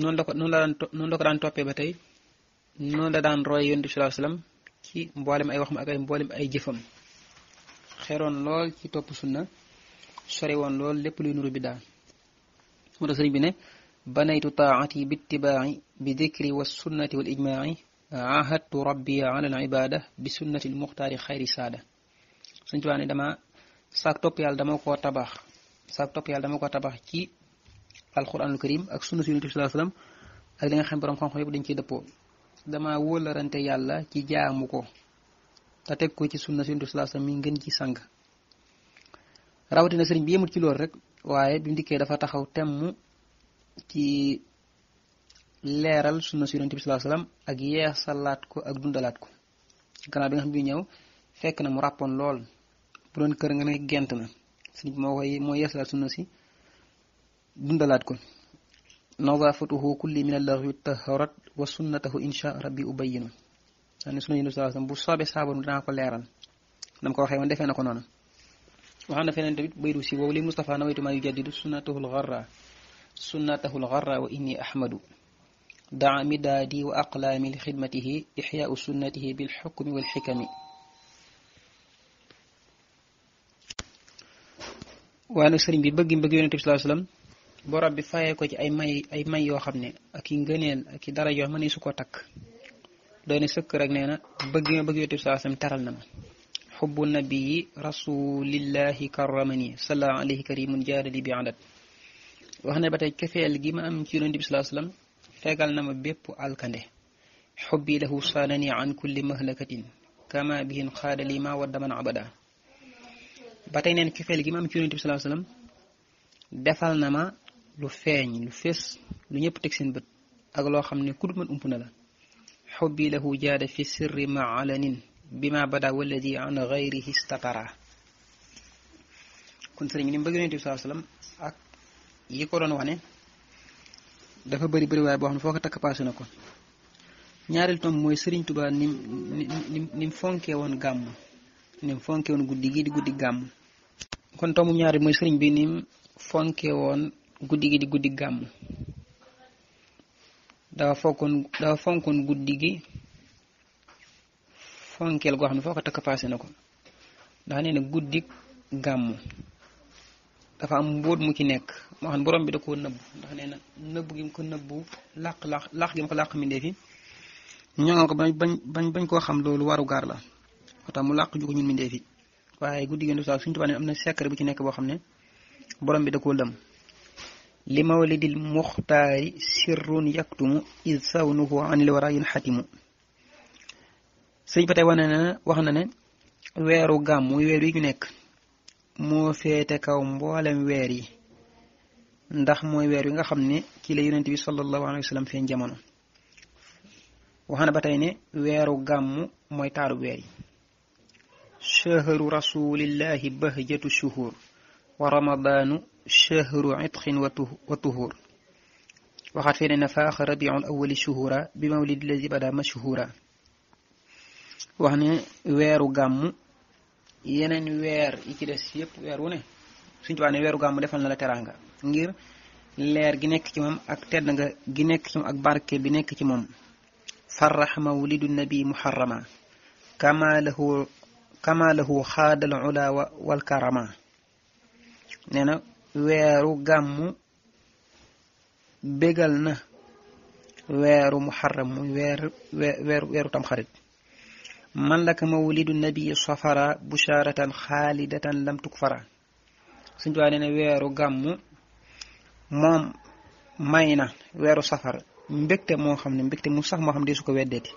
noonu la ko noonu la daan noonu la ko daan toppee ba tey noonu la daan roy yonent bi sallallahu alayhi wasallam ci mboolem ay waxam ak ay mboolem ay jëfam xeroon lool ci topp sunna sore woon lool lépp luy nuru bi daal moo tax sëriñ bi ne banaytu taati bittibaai bi dikri wa sunnati wal ijmaai ahadtu rabbi ala al ibada bi sunnati al muxtaari xayri saada suñ tubaa ne dama saak topp yàlla dama ko tabax saak topp yàlla dama ko tabax ci alquranul karim ak sunna si yonent bi sallallahu ak li nga xam borom xam-xam yëpp dañ ciy dëppoo dama wóolarante yàlla ci jaamu ko te teg ko ci sunna si yonent bi sallallahu ngeen ci sang rawatina sëriñ bi yemut ci loolu rek waaye bi mu dikkee dafa taxaw temm ci leeral sunna si yonent bi sallallahu alayhi wasallam ak ko ak dundalaat ko gannaaw bi nga xam bi na mu ràppoon lool bu doon kër nga ne gent na sëriñ bi moo koy moo yeesalaat sunna si dundalaat ko nazafatuhu kulli min allahi taharat wa sunnatahu insha rabbi ubayinu ne sunna yonent bi sallallahu bu soobee saabonu dinaa ko leeral ko waxee woon defee ko noonu waxaan na feneen tamit baydu si woowu li Mustafa nawaytu maa yujaddidu sunnatahul gharra sunnatahul gharra wa inni ahmadu دع مدادي وأقلامي لخدمته إحياء سنته بالحكم والحكم waaye nag sëriñ bi bëgg bëgg yonente bi sallallahu alayhi wasallam borom bi fayee ko ci ay may ay may yoo xam ne ak i ngëneel ak i dara yoo xam ne su ko takk doy na sëkk rek nee na bëgg ma bëgg yonente bi sallallahu alayhi wasallam teral na ma xubbu nabiyi rasulillahi karramani sallallahu alayhi karimun jaadali bi adat wax ne ba tey kefeel gi ma am ci yonente bi sallallahu alayhi wasallam fegal na ma bépp alkande xubbi lahu saadani an kulli mahlakatin kama bihin xaadali ma wadda man abada ba tey neen cofeel gi ma am ci yonent bi sallallahu alayhi defal na ma lu feeñ lu fees lu ñëpp teg seen bët ak loo xam ne ku dul man ump na la xubbi lahu jaada fi sirri ma alanin bima bada walladi an gayrihi statara kon sëriñ ni mu bëgg yonent bi sallallahu alayhi yi ko doon wane dafa bari bëri waaye boo xam ne foo ko takk paase na ko ñaareel tomb mooy Serigne Touba ni mu ni fonkee woon gàmm ni fonkee woon guddi gi di guddi gàmm. kon tombu ñaareel mooy Serigne bi ni fonkee woon guddi gi guddi gàmm dafa fonkoon guddi gi fonkeel goo xam ne foo ko takk paase na ko ndax nee na guddi gàmm. dafa am mbóot mu ci nekk moo xam borom bi da koo nëbbu ndax nee na nëbbu gi mu ko nëbbu làq làq làq gi mu ko làq mbindee fi ñoŋal ko bañ bañ bañ koo xam loolu waru gaar la moo mu làq ju ko ñun mbindee fi waaye guddi gi saa suñ tubaab ne am na secret bu ci nekk boo xam ne borom bi da koo lëm li mawlidil muxtaari sirrun yaktumu id sawnuhu anil wara yun xatimu sëñ ba tey wane na wax na ne weeru gàmm muy weer ñu nekk moo féete kaw mboolem weer yi ndax mooy weer wi nga xam ne ci la yonent bi sallallahu alayhi wa sallam feeñ jamono waxana na ba tey ne weeru gàmm mooy taaru weer yi shahru rasulillahi bahjatu shuhur wa ramadanu shahru itqin wa tuhur waxaat fee ne na rabiu rabiul awali shuhura bi mawlid lazi bada mashhura wax ne weeru gàmm yeneen weer yi ci des yépp weer wu ne suñu tubaab ne weeru gàmmu defal na la teraanga ngir leer gi nekk ci moom ak tedd nga gi nekk ci moom ak barke bi nekk ci moom farrax mawlidu nabi muharrama kama lahu kama lahu ula wal karama na weeru gàmmu bégal na weeru muharram muy weer weeru weeru tamxarit man laka mawlidu nabi safara busharatan xaalidatan lam tukfara suñ tuwaa nee ne weeru gàmmu moom may na weeru safar mbégte moo xam ne mbégte mu sax moo xam ne su ko weddeeti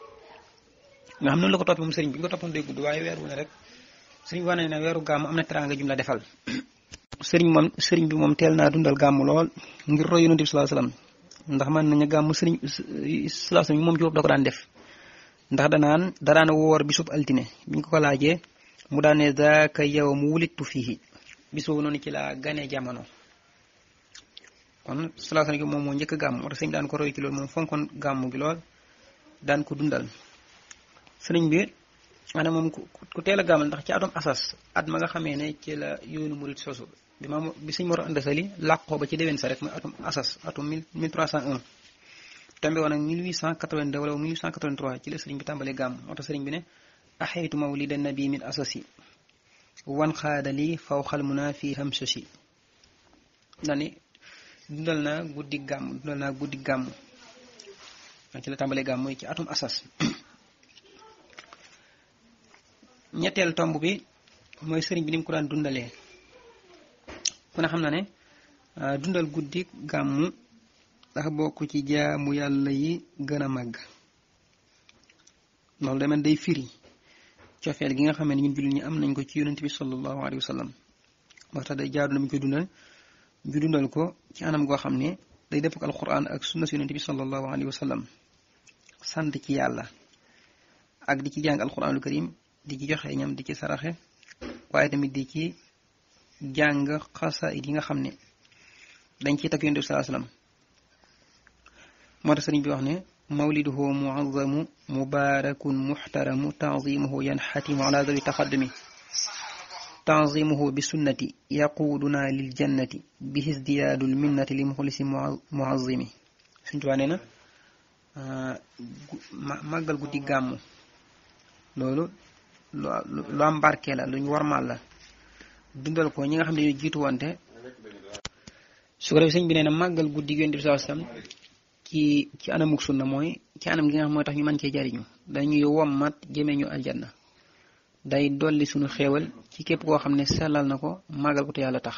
nga xam noonu la ko toppee moom sëriñ bi ñu toppoon day gudd waaye weer ne rek sëriñ wane ne weeru gàmmu am la defal sëriñ moom sëriñ bi moom teel naa dundal gàmmu lool ngir roy yonent bi sallallahu ndax man nañu gàmmu sëriñ sallallahu alayhi moom ci bopp da ko daan def ndax danaan daraan woor bisub altine biñ ko ko laaje mu daane zaaka yow mu tu fihi noonu ci laa gane jamono kon salaasana gi moom moo njëkk gàmm moo tax sëñ daan ko roy ci loolu moom fonkoon gàmm gi lool daan ko dundal sëriñ bi ana moom ku teel a ndax ci asas at ma nga xamee ne ci la yoonu murit sosu bi ma bi sëñ mor andasali làqoo ba ci déwén sa rek asas atum 1301 tambe won ak 1882 wala 1883 ci le serigne bi tambalé gam auto serigne bi ne ahaytu mawlidan nabi min asasi wan khadali fawqa [CLEARS THROAT] al munafi hamsasi dani dundal na guddi gam dundal na guddi gam ci la tambalé gam moy ci atum asas ñettel tomb bi moy serigne bi nim ko dan dundalé ku na ne dundal guddi gamu ndax bokk ci jaamu yàlla yi gën a màgg loolu demen day firi cofeel gi nga xam ne ñun jullit ñi am nañ ko ci yonent bi sallallahu alayhi wa sallam day jaadu na mu koy ko ci anam xam ne day def ak ak sunna si bi sallallahu alayhi wa sallam sant ci yàlla ak di ci jàng alquranul karim di ci joxe ñam di ci saraxe waaye tamit di ci jàng xasaayid yi nga xam ne dañ ciy takk yonent bi sallallahu wa sallam moo sa sëriñ bi wax ne mawliduhu muazzamu mubaarakun muxtaramu tanzimuhu yanxatimu ala zawi taxaddumi tanzimuhu bi sunnati yaquuduna lil jannati bi isdiyaadul minnati li muxlisi muazzimi suñ tubaa nee na ah, màggal guddi gàmmu loolu lu am barke la luñ warmal la dundal ko ñi nga xam ne ñu jiitu wante su ko defee sëñ bi nee màggal guddi yonent bi sallallahu alayhi wasallam ki, anam ak sunna moy ci anam gi nga xam mooy tax ñu man ci jariñu dañuy mat jëmee ñu aljanna day dolli sunu xewal ci kep ko xamne selal nako magal ko màggal ko te yàlla tax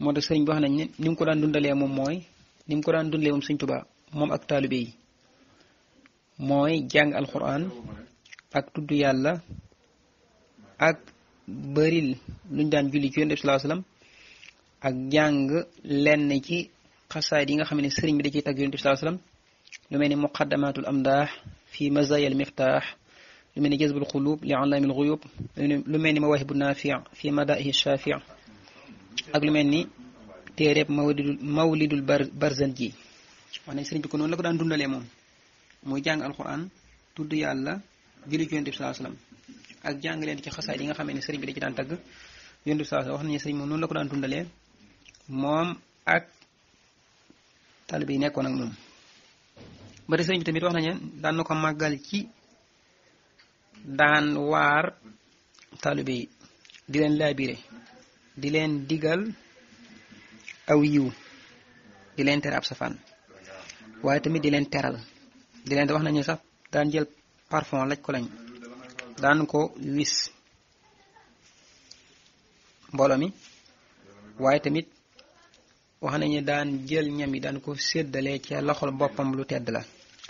moo tax sëriñ bi wax nañ ne ni ko daan dundale mom moy nim ko daan dundale mom señ tuba mom ak taalibe yi moy jang alquran ak tuddu yalla ak beril luñ daan julli ci yonent sallallahu alayhi wasallam ak jang lenn ci xasaayid yi nga xam ne sëriñ bi da ciy tagg yonent bi sallallahu alayhi wasallam lu mel ni muqaddamatul amdaax fi mazayal miftaax lu mel ni jazbul xuluub li alaamil xuyub lu mel ni mawaahibu naafi fi madaihi shaafi ak lu mel ni téeréb mawlidul mawlidul barzan ji wax nañ sëriñ bi ko noonu la ko daan dundalee moom muy jàng alquran tudd yàlla julli ci yonent bi sallallahu alayhi wasallam ak jàng leen ci xasaayid yi nga xam ne sëriñ bi da ci daan tagg yonent bi sallallahu alayhi wasallam wax nañu sëriñ moom noonu la ko daan dundalee moom ak talibi yi nekkoon ak moom bari sëriñ bi tamit wax nañu daan na ko màggal ci daan waar talibi di leen labiré di leen digal aw yiw di leen tere ab safaan tamit di leen teral di leen wax nañu sax daan jël parfum laj ko lañ daan ko wis mbooloo mi waaye tamit wax nañu daan jël ñam yi daan ko séddalee ca loxol boppam lu tedd la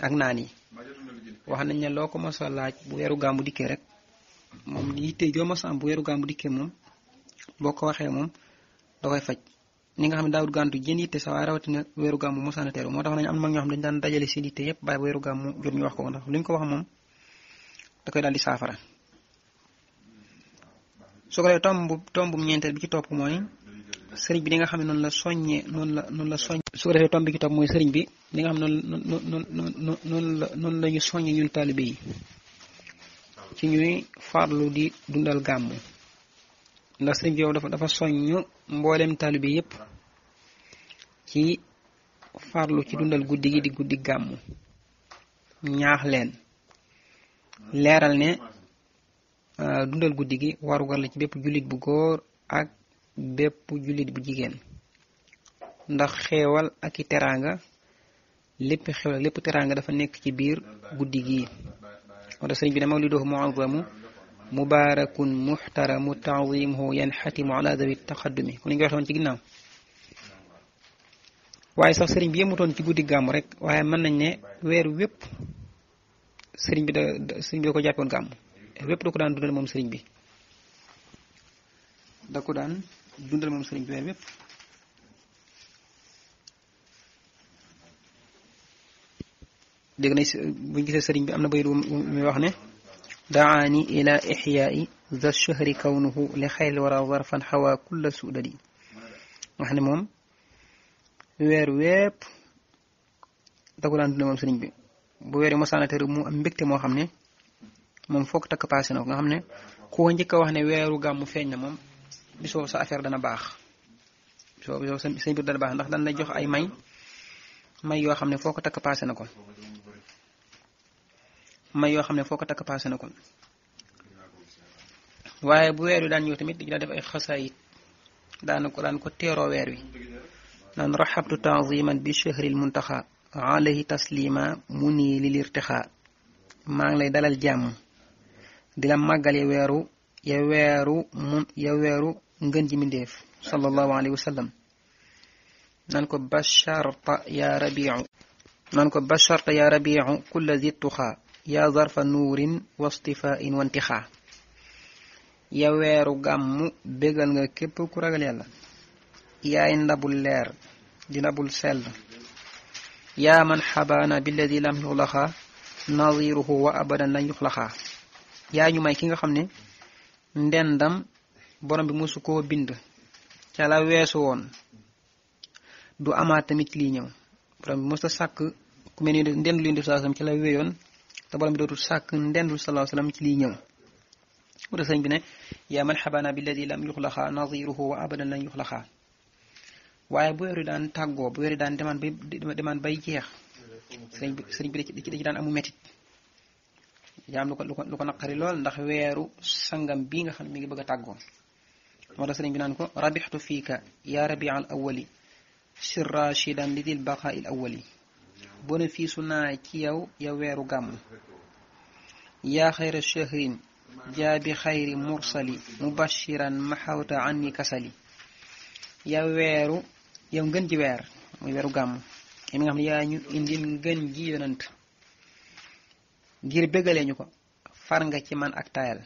ak naan yi wax nañ ne loo ko mos a laaj bu weeru gàmbu dikkee rek moom yitte joo mos am bu weeru gàmbu dikkee moom boo ko waxee da koy faj ni nga xam ne daawut gàntu jën yitte sa waaye rawatina weeru gàmmu na teeru moo tax nañ am mag ñoo xam dañ daan dajale seen yitte yépp bàyyi weeru jot ñu wax ko ndax luñ ko wax moom da koy daal di saafara su ko tomb ñeenteel bi ci topp mooy sëriñ bi ni nga xam ne noonu la soññee noonu la noonu la soññ su ko defee tomb bi ci mooy sëriñ bi li nga xam noonu noonu noonu noonu la noonu la soññee ñun taalibe yi ci ñuy farlu di dundal gàmmu ndax sëriñ bi yow dafa dafa soññ mboolem taalibe yépp ci farlu ci dundal guddi gi di guddi gàmmu ñaax leen leeral ne euh, dundal guddi gi warugar la ci bépp jullit bu góor ak bépp jullit bu jigéen ndax xeewal ak i teraanga lépp xeewal lépp teraanga dafa nekk ci biir guddi gii wala sëriñ bi ne mawliduhu muazamu mubaarakun muxtaramu taazimuhu yanxatimu ala dawi taqaddumi ku la ñu waxoon ci ginnaaw waaye sax sëriñ bi yemutoon ci guddi gàmm rek waaye mën nañ ne weer wépp sëriñ bi da sëriñ bi da ko jàppoon gàmm wépp da ko daan dundal moom sëriñ bi da ko daan dundal moom sëriñ bi weer wépp dégg nañ buñ gisee sëriñ bi am na bayit muy wax ne daani ila ixyaai za shahri kawnuhu li xayril wara zarfan xawa kulla suudadi nga xam ne moom weer wépp da ko moom sëriñ bi bu weer yi mosaana tër mu am mbégte moo xam ne moom foog takk paase na nga xam ne ko njëkk wax ne weeru gàmmu feeñ na moom bis boobu sa affaire dana baax bis boobu yow sa mbir dana baax ndax dan lay jox ay may may yoo xam ne foo ko takk paase na ko may yoo xam ne foo ko takk paase na ko waaye bu weer wi daan ñëw tamit dañu daan def ay xasaayit daan ko daan ko teeroo weer wi naan raxabtu tanziman bi chahril muntaxa alayhi taslima mu nii lil irtixaa maa ngi lay dalal jàmm di la màggal ya weeru ya weeru mun ya weeru ngën ji mindeef sallallahu alayhi wa sallam nan ko basharta ya rabi'u nan ko basharta ya rabi'u kull ladhi tukha ya zarfa nurin wa istifa'in wa intikha ya wéru gam bégal nga képp ku ragal yàlla yaay ndabul leer di ndabul sell yaa man xabaana billadi lam yuxlaxa nadiruhu wa abadan lan yuxlaxa yaa ñu may ki nga xam ne ndendam borom bi musu ko bind ca la wessu won du ama tamit li ñew borom bi musta sak ku melni ndendul yunus sallallahu ci la weyon ta borom bi dootul sak ndendul sallallahu alayhi wasallam ci li ñew wala señ bi ne ya bil ladhi lam yukhlaqa nadhiruhu wa abadan lan yukhlaqa waye bu yori daan taggo bu yori daan deman bay demane bay jeex señ bi señ bi ci daan amu metit jaam lu ko lu ko nakari lol ndax wéru sangam bi nga xam mi ngi bëgg taggo moo tax sëriñ ko rabixtu fiika yaa rabia al awali sir rachidan li dil baqaa naa ci yow ya weeru gàmm yaa xayra shahrin jaabi xayri mursali mubashiran maxawta anni kasali ya weeru yow ngën ji weer muy weeru gàmm yi mi nga xam ne yaa ñu indil ngën ji yonant ngir bégalee ñu ko far nga ci man ak tayal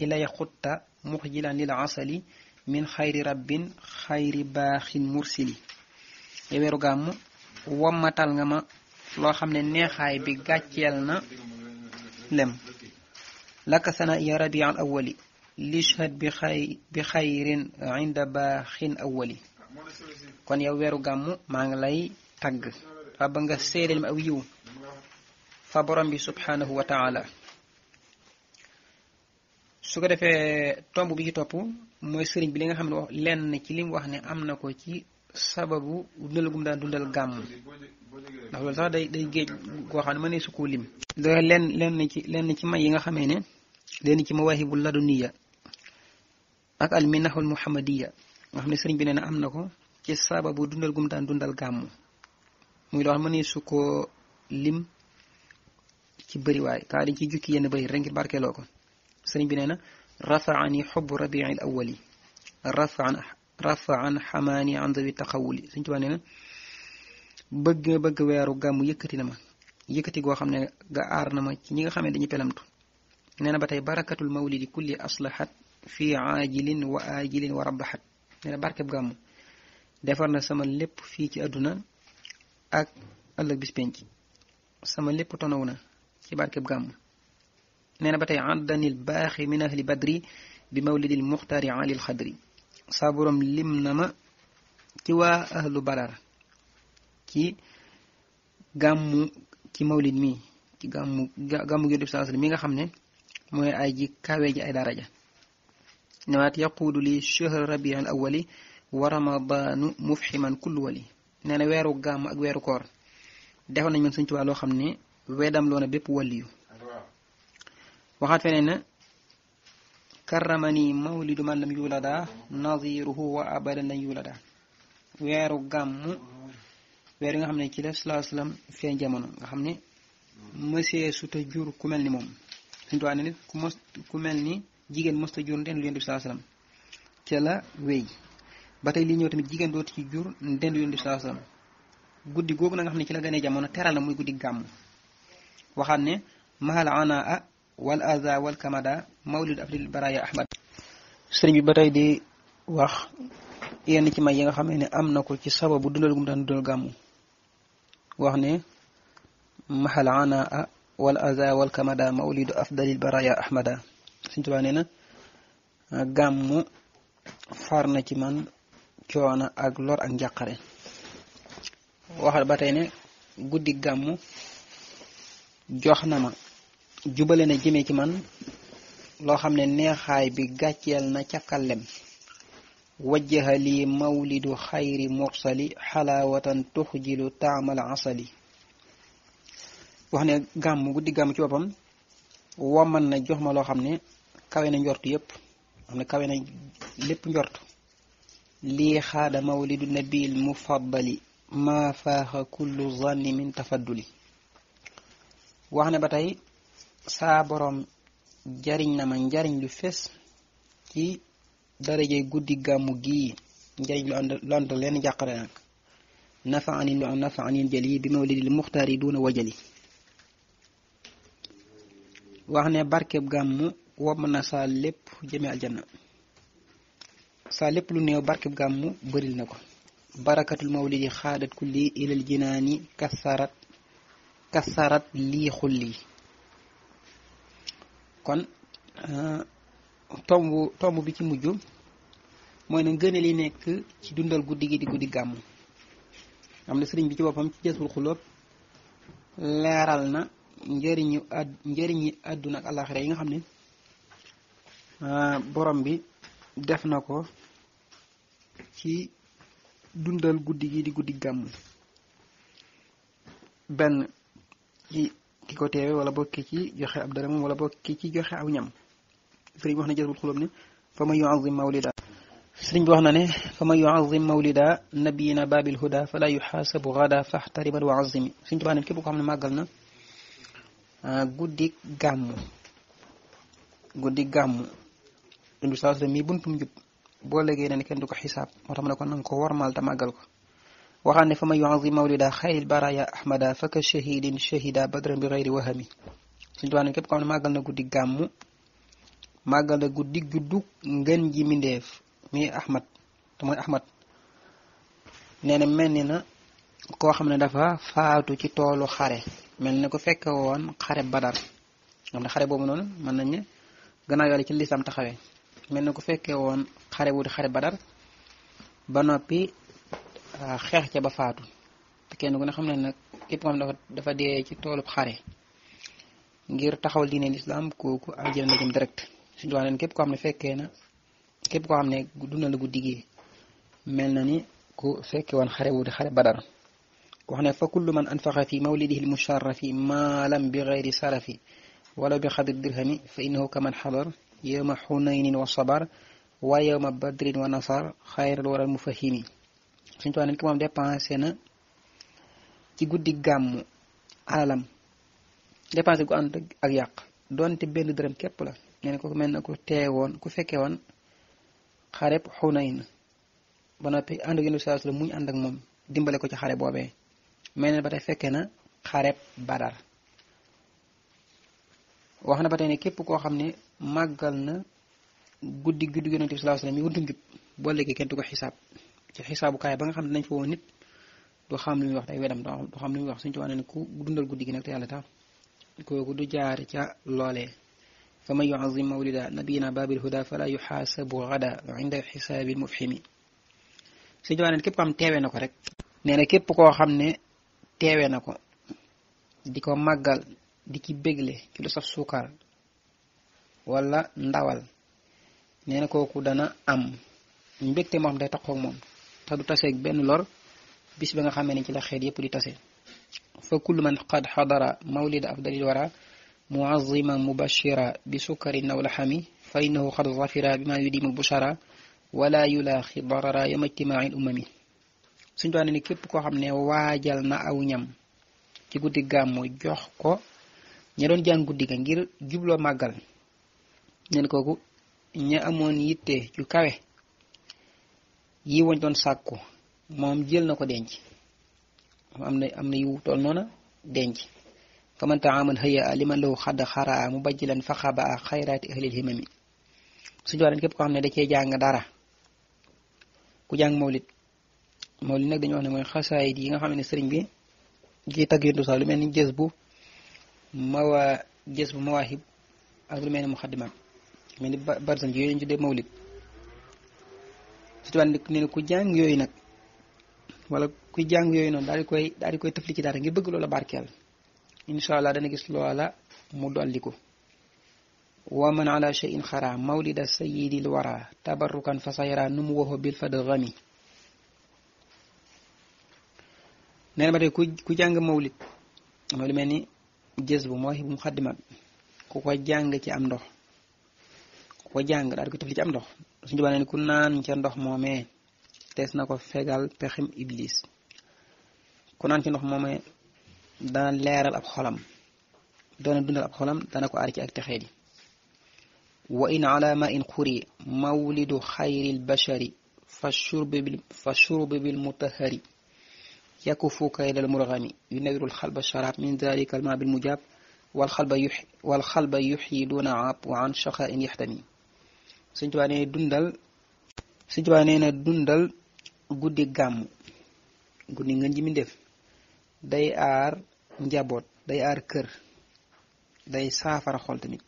إلا يخط مخجلا للعسل من خير رب خير باخ مرسل يويرو غامو ومتال غما لو خامني نيهاي بي غاتيالنا لم لك ثناء يا ربيع الاولي ليشهد بخير بخير عند باخ اولي كون يا ويرو gàmmu maa ngi lay tagg سيرل ba nga séeréel ma aw su ko defee tomb bi ci topp mooy sëriñ bi li nga xam ne wax ci li wax ne am na ko ci sababu dundal gum daan dundal gàmm ndax loolu sax day day géej goo ne mënee su koo lim. lenn ci lenn ci may yi nga xamee ne ci mawaahibu laduniya ak al minahul muhammadiya nga sëriñ bi nee na am na ko ci sababu dundal gum daan dundal gàmm muy loo xam ne mënee su koo lim ci bëriwaay kaa dañ ciy jukki yenn bëri rek ngir barkeeloo ko. sëriñ bi nee na rafaani xubbu rabii al awali rafaan rafaan xamaani an zawi taxawuli sëriñ Tuubaa nee na bëgg bëgg weeru gàmm yëkkati na ma yëkkati goo xam ne nga aar na ma ci ñi nga xam ne dañu pelamtu nee na ba tey barakatul mawlidi kulli aslahat fi aajilin wa aajilin wa rabaxat nee na barkeb gàmm defar na sama lépp fii ci àdduna ak ëllëg bis sama lépp tonaw na ci barkeb gàmm nee na ba tey addanil baaxi min ahli badri bi mawlidil muxtaari alil xadri saa boroom lim na ma ci waa ahlu badar ci gàmmu ci mawlid mi ci gàmmu gàmmu gi def saa mi nga xam ne mooy ay ji kawe ji ay daraja newaat yaquudu li chahr rabi al awali wa ramadaanu mufximan kullu wali na weeru gàmm ak weeru koor defoon nañ man suñ ci waa loo xam ne weedam loona bépp waliyu waxaat feneen na karramani mawlidu man lam yulada naziruhu wa abadan lan yulada weeru gàmm weer yi nga xam ne ci la salaa salaam feeñ jamono nga xam ne mësee suta jur ku mel ni moom suñu tuwaa ne nit ku mel ni jigéen mosta jur ndendu yonent bi salaa ca la wéy ba tey li ñëw tamit jigéen dootu ci jur ndendu yonent bi salaa guddi googu na nga xam ne ci la gënee jamono teral na muy guddi gàmm waxaat ne mahal ana a wal aza wal kamada mawlid ba tey di wax yenn ci may yi nga xamee ne am na ko ci sababu dundal gum daan dundal gàmmu wax ne mahal wal aza wal kamada mawlidu afdalil baraya ahmada Sëriñ Tuubaa nee na ci man coono ak lor ak njàqare waxal ba tey ne guddi gàmmu jox na jubale na jëme ci man loo xam ne neexaay bi gàcceel na ca kallem wajjaha lii mawlidu xayri mursali xalaawatan tuxjilu taamal asali wax ne gàmm guddi gàmm ci boppam womman na jox ma loo xam ne kawe na njort yépp xam ne kawe na lépp njort lii xaada mawlidu nabil mufaddali maa faaxa kullu zanni tafadduli wax ne ba tey saa boroom jariñ na ma njariñ lu fees ci darajey guddi gàmmu gii njariñ lu ànd lu ànd leen jàqare nag nafa anin lu am nafa anin yi bi mawlidil muxtaar yi duna wajali wax ne barkeb gàmmu womm na saa lépp jëme aljanna saa lépp lu néew barkeb gàmmu bëril na ko barakatul mawlidi xaadat kulli ilal jinaani kasarat kasarat lii xulli kon tombu eh, tombu bi ci muju moy na ngeene li nek ci dundal guddi gi di guddi gam am na sëriñ bi ci bopam ci jessul khulub leral na njeriñu ad njëriñi àdduna ak àllaaxira yi nga xamne eh, borom bi def nako ci dundal guddi gi di guddi gam ben ci ki ko teewe wala bokk ki ci joxe ab moom wala bokk ki ci joxe aw ñam sëriñ bi wax na jazbul xulóob ne fa man yuazim mawlida sëriñ bi wax na ne fa man yuazim mawlida nabiyina babil huda fala yuxaasabu gada faxtarimal wa azimi sëriñ Tuubaa ne képp ko xam ne màggal na ah, guddi gàmmu guddi gàmmu dund saa mi buntum jub boo léegi na ne kenn du ko xisaab moo tax ma ne ko nanga ko warmal te màggal ko waxaan ne fa man yuazim mawlida xayril baraya ahmada faka shahidin shahida badran bi xayri wahami suñu tubaab ne képp koo xam ne màggal na guddi gàmmu màggal na guddi juddu ngën ji mindeef mi ahmad te ahmad nee mel ni na koo xam ne dafa faatu ci toolu xare mel ni ko fekke woon xare badar xam ne xare noonu mën nañ ne gannaaw yàlla ci lislam taxawee mel ni fekkee woon xare bu ba noppi xeex ca ba faatu te kenn ku ne xam ne nag képp moom dafa dafa dee ci toolub xare ngir taxawal diine lislaam kooku aljana na jëm direct suñu wax leen képp koo xam ne fekkee na képp koo xam ne na la gu gi mel na ni ku fekke woon xare wu di xare badar wax ne fa kullu man anfaqa fi mawlidihi al lmusharrafi maalam bi ghayri sarafi wala bi xadri dirhami fa innahu ka man xadar yowma xunaynin wa sabar wa yawma badrin wa nasar wara al mufahimi suñ tubaab nit ki moom dépensé na ci guddi gàmmu alalam dépensé gu ànd ak yàq doonte benn dërëm képp la nee ko mel na ko teewoon ku fekkee woon xareb xunayn ba noppi ànd ak yéen a la muñ ànd ak moom dimbale ko ci xare boobee mel na ba tey fekkee na xareb badar wax na ba tey ne képp koo xam ne màggal na guddi guddi yonent bi sallallahu alayhi wasallam yi wutu ngib boo léegi kenn du ko xisaab ci xisaabukaay ba nga xam ne dañ fa woo nit du xam lu muy wax day wedam du xam lu muy wax suñu ci wax ne ku dundal guddi gi nag te yàlla tax kooku du jaar ca loole fa man yuazim mawlida nabiyina babil huda fala yuxaasabu gada inda xisaabi mufhimi suñu ci wax ne képp ko xam teewee na ko rek nee na képp koo xam ne teewee na ko di ko màggal di ci bégle ci lu saf suukar wala ndawal nee na kooku dana am mbégte moo xam day taxoog moom te du taseeg benn lor bis ba nga xamee ne ci la xeet yépp di tase fa kullu man qad xadara mawlida afdalil wara muazima mubashira bi sukkarin aw laxami fa innahu qad zafira bima yudimu bushara wala yulaaxi darara yama ijtimaail umami suñ tuwaa képp koo xam ne waajal na aw ñam ci guddi gàmmu jox ko ña doon jaan guddi ga ngir jubloo màggal neen kooku ña amoon yitte ju kawe yi wañ doon sàkku moom jël na ko denc am na am na yiw tool noona denc famanta aman hëya liman law xadd xaraa mu bajjilan faxaba a xayraati ahlil himami suñu wax képp ko xam ne da cee jàng dara ku jàng mawlit mawlit nag dañu wax ne mooy xasaayit yi nga xam ne sëriñ bi ci tagg yontu sax lu mel ni jës bu mawa jës bu mawaahib ak lu mel ni muxaddimaat mel ni barzan ji yooyu ñu tuddee mawlit su tubaab ku jàng yooyu nag walla kuy jàng yooyu noonu daal di koy daal di tëfli ci dara ngi bëgg loola barkeel incha allah dana gis loola mu dolliku wa man ala cheyin xara mawlida sayidil wara tabarrukan fa sayara nu mu waxoo bil fad rami nee ba tey ku ku jàng mawlid mooy lu mel ni jës bu mooy bu ku ko jàng ci am ndox ko jàng daal di ko tëfli ci am ndox suñu tubaab ne ku naan ca ndox moomee tees na ko fegal pexim iblis ku naan ci ndox moomee dana leeral ab xolam doona dundal ab xolam dana ko aar ci ak texee di wa in ala ma in xuri mawlidu xayri lbashari fa shurbe bilmutahari yakufu kayda almurgami yunawiru lxalba sharab min dalika alma bilmujab walxalba yuxyi duna aab wa an shaqain yaxtami Sëñ Tuubaa nee dundal Sëñ Tuubaa nee na dundal guddi gàmm guddi ngeen ji mi def day aar njaboot day aar kër day saafara xool tamit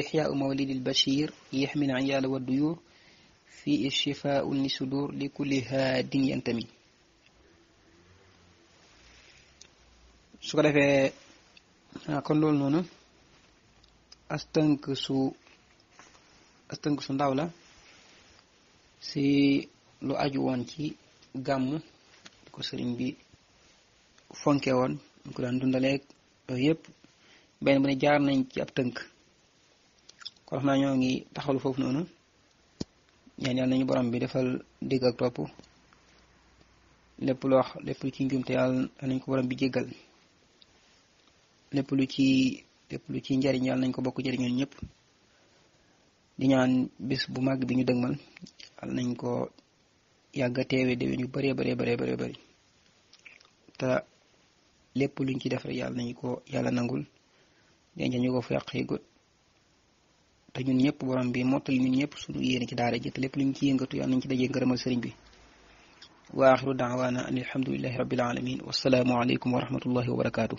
ixyaau mawlidil bashir yaxmin ayaala wa duyur fii shifaun li sudur li kulli haadin yantami su ko defee ah, kon loolu noonu as su as ko su ndaw la si lu aju won ci gam ko serigne bi fonké won ko dan dundalé yooyu yépp ben bu ne jaar nañ ci ab teunk ko xna ñoo ngi taxalu fofu nonu ñaan yàlla nañu borom bi defal dig ak topp lepp lu wax lepp lu ci te yàlla nañ ko borom bi jéggal lepp lu ci lepp lu ci njariñ nañ ko ñëpp di ñaan bis bu màgg bi ñu dëgmal al nañ ko yàgga teewe déwén yu bëree bare bare bëree te lépp luñ ci def rek yàlla nañu ko yàlla nangul denc ñu ko fu yàq yëgut te ñun ñëpp borom bi mottali ñun ñëpp suñu yéene ci daara ji te lépp luñ ci yëngatu yàlla nañ ci dajee ngërëmal sëriñ bi waa axiru daawaana an alhamdulillahi rabbil alamin wasalaamu aleykum wa rahmatullahi wa barakaatu